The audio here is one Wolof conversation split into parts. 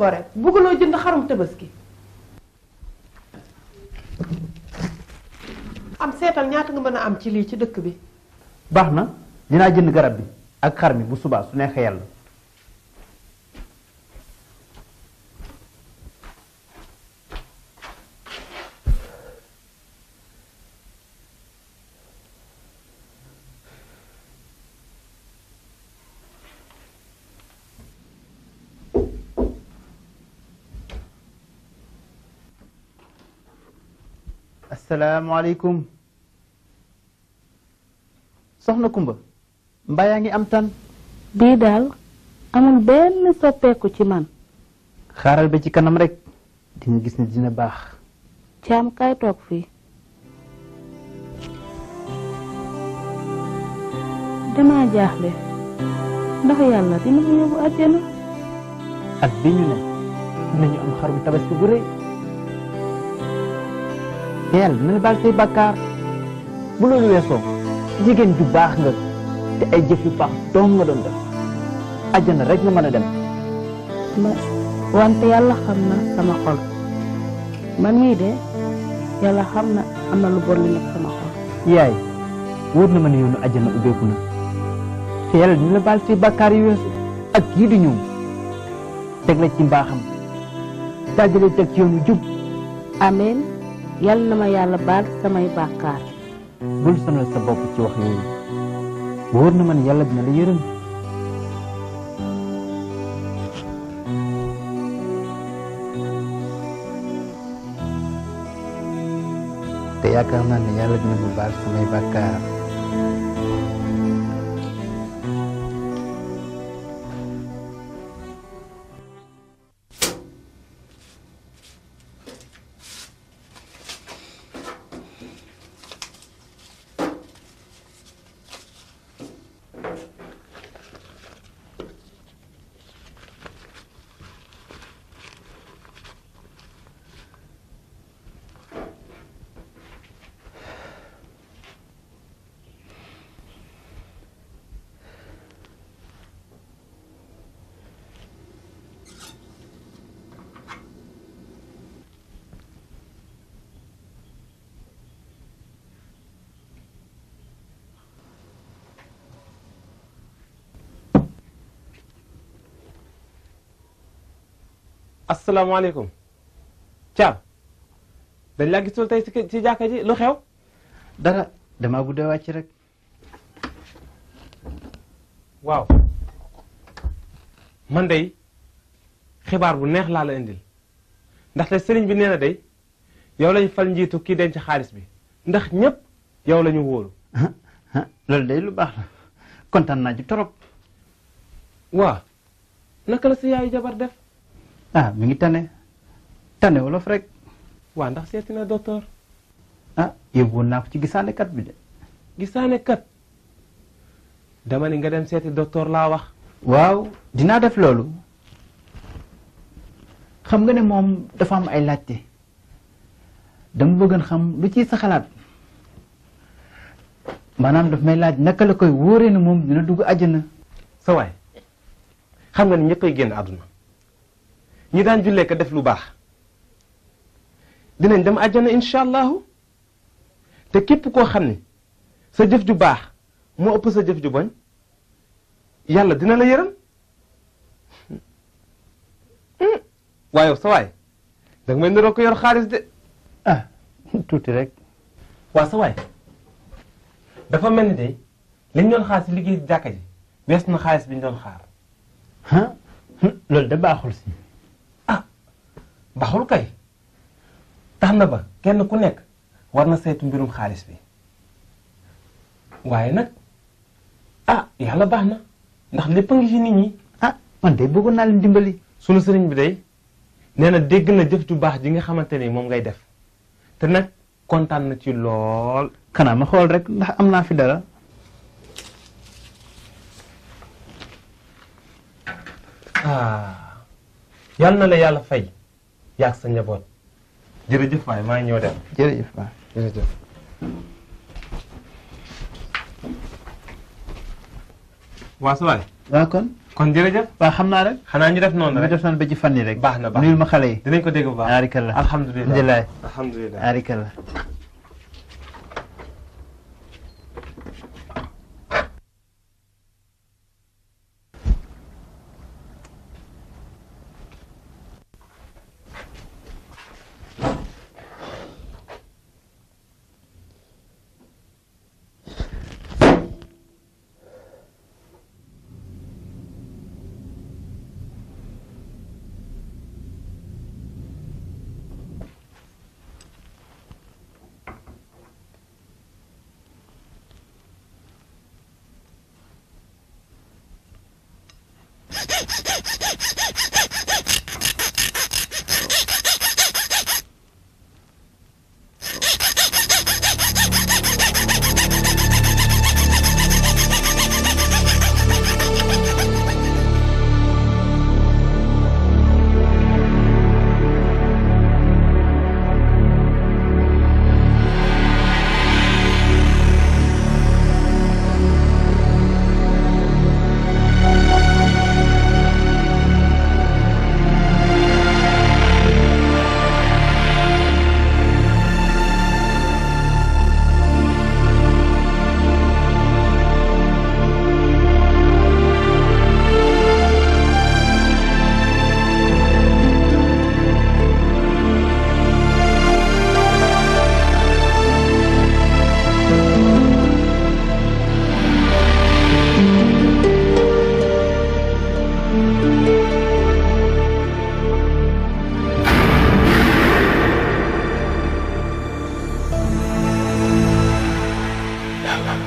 gore bëggloo jënd xarum tabaski am seetal ñaata nga mën a am ci lii ci dëkk bi baax na dinaa jënd garab bi ak xar mi bu subaa su neexee yàlla salaamaaleykum soxna Kumba mbaa yaa ngi am tan bii daal amul benn soppeeku ci man xaaral bi ci kanam rekk di nga gis ne dina baax caam kaay toog fii damaa jaaxle ndax yàlla dina ma yóbbu àjjana at bi ñu ne dinañu am xarum tabaski bu rëy teel mën baal say bakkaar bu loolu weesoo jigéen ju baax nga te ay jëf yu baax doom nga doon def àjjana rek nga mën a dem wante yàlla xam na sama xol man mii de yàlla xam na am na lu bon li nekk sama xol yaay wóor na ma ne yoonu àjjana ubbeeku na te yàlla dina la baal say bakkaar yu weesu ak yii di ñëw teg la ci mbaaxam daajale teg ci yoonu jub amiin yàlla na ma yàlla baal samay bàkkaar bul sonal sa bopp ci wax yooyu wóor na ma ne yàlla dina la yërëm te yaakaar naa ne yàlla dina ma baal samay bàkkaar asalaamaaleykum Thiam dañ laa gisul tey ci jàkka ji lu xew dara damaa guddee wàcc rek waaw man day xibaar bu neex laa la indil ndaxte sëriñ bi nee na day yow lañ fal njiitu kii denc xaalis bi ndax ñëpp yow la ñu wóolu loolu day lu baax la kontaan naa ci trop waaw naka la sa yaayu jabar def ah mu ngi tane tane wolof rek. waa ndax seeti na docteur. ah yóbbu woon naa ko ci gisaanekat bi de. kat dama ni nga dem seeti docteur laa wax. waaw dinaa def loolu xam nga ne moom dafa am ay laajte dama bëggoon xam lu ciy sa xalaat maanaam daf may laaj naka la koy wóoree ne moom dina dugg àjjana. sa waay xam nga ni ñëpp koy génn àdduna. ñi daan jullee ko def lu baax dinañ dem àjjana incha allahu te képp koo xam ne sa jëf ju baax moo ëpp sa jëf ju boñ yàlla dina la yërëm hmm. waaye sa waay da nga may niroo ko yor xaalis de ah, tuuti rek waa sa waay dafa mel ni de liñ doon xaar si liggéey jàkka ji na xaalis biñ doon xaar ah loolu da si baaxul kay tax na ba kenn ku nekk war na saytu mbirum xaalis bi waaye nag ah yàlla baax na ndax lépp a ngi ci nit ñi ah man de bëggoon naa dimbali sunu sëriñ bi day nee na dégg na jëf tu baax ji nga xamante ni moom ngay def te nag kontaan na ci lool xanaa ma xool rek ndax am naa fi dara ah yal na la yàlla fay yàq sa njaboot jërëjëf waay maa ngi ñëw dem jërëjëf waay jërëjëf waa sa kon kon jërëjëf waaw xam naa xanaa ñu def noonu rek ñu def noonu ba ci fan yi rek baax na baax nuyul xale yi dinañ ko dégg bu baax arikalla alhamdulilah alhamdulilah arikalla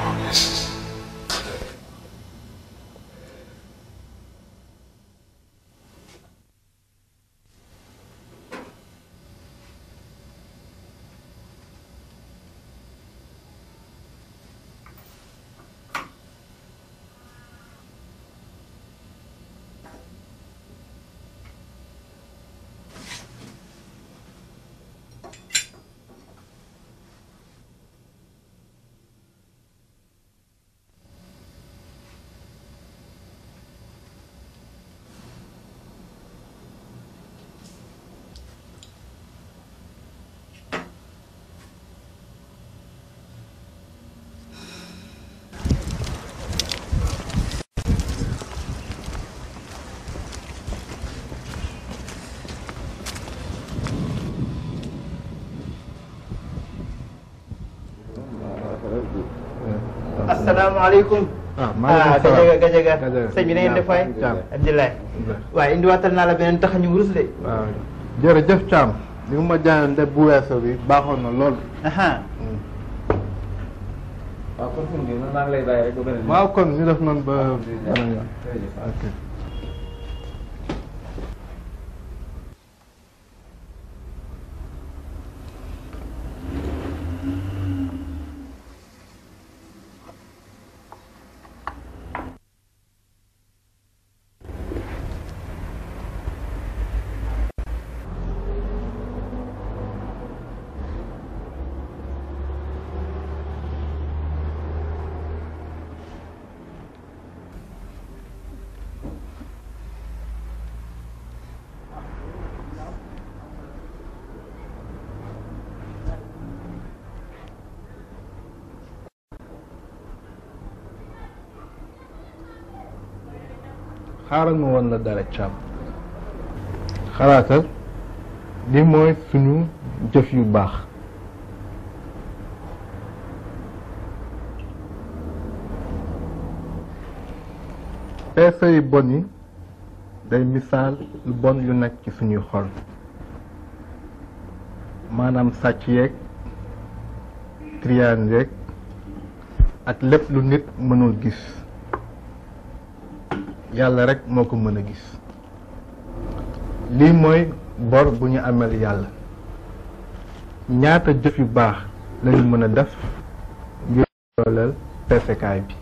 Amen. asalaamaaleykum. Ah, ah, waaw maa ngi lay gajaga gajaga sëñ bi na ngeen def waay. Abdoulaye waaye indiwaatal naa la beneen tax ñu wurus de. waaw ah, jërëjëf Thiam. li ma jaayoon de bu weesoo bi baaxoon na lool. Hmm. waaw kon maa ngi lay bàyyi rek ba beneen waaw kon ñu def noonu ba. ok. xaaral ma woon la dara càmm xalaatal li mooy suñu jëf yu baax peese yu bon yi day misaal lu bon yu nag ci suñuy xol maanaam sàcc yeeg triyaan yéeg ak lépp lu nit mënul gis yàlla rekk moo ko mën a gis lii mooy bor bu ñu amel yàlla ñaata jëf yu baax lañu mën a def ngir dooleel peesekaay bi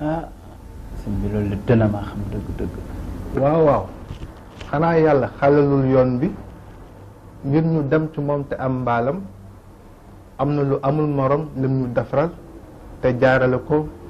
ah sëñ bi dëgg-dëgg waaw waaw xanaa yàlla xalalul yoon bi ngir ñu dem ci moom te am mbaalam am na lu amul morom lim ñu te jaarale ko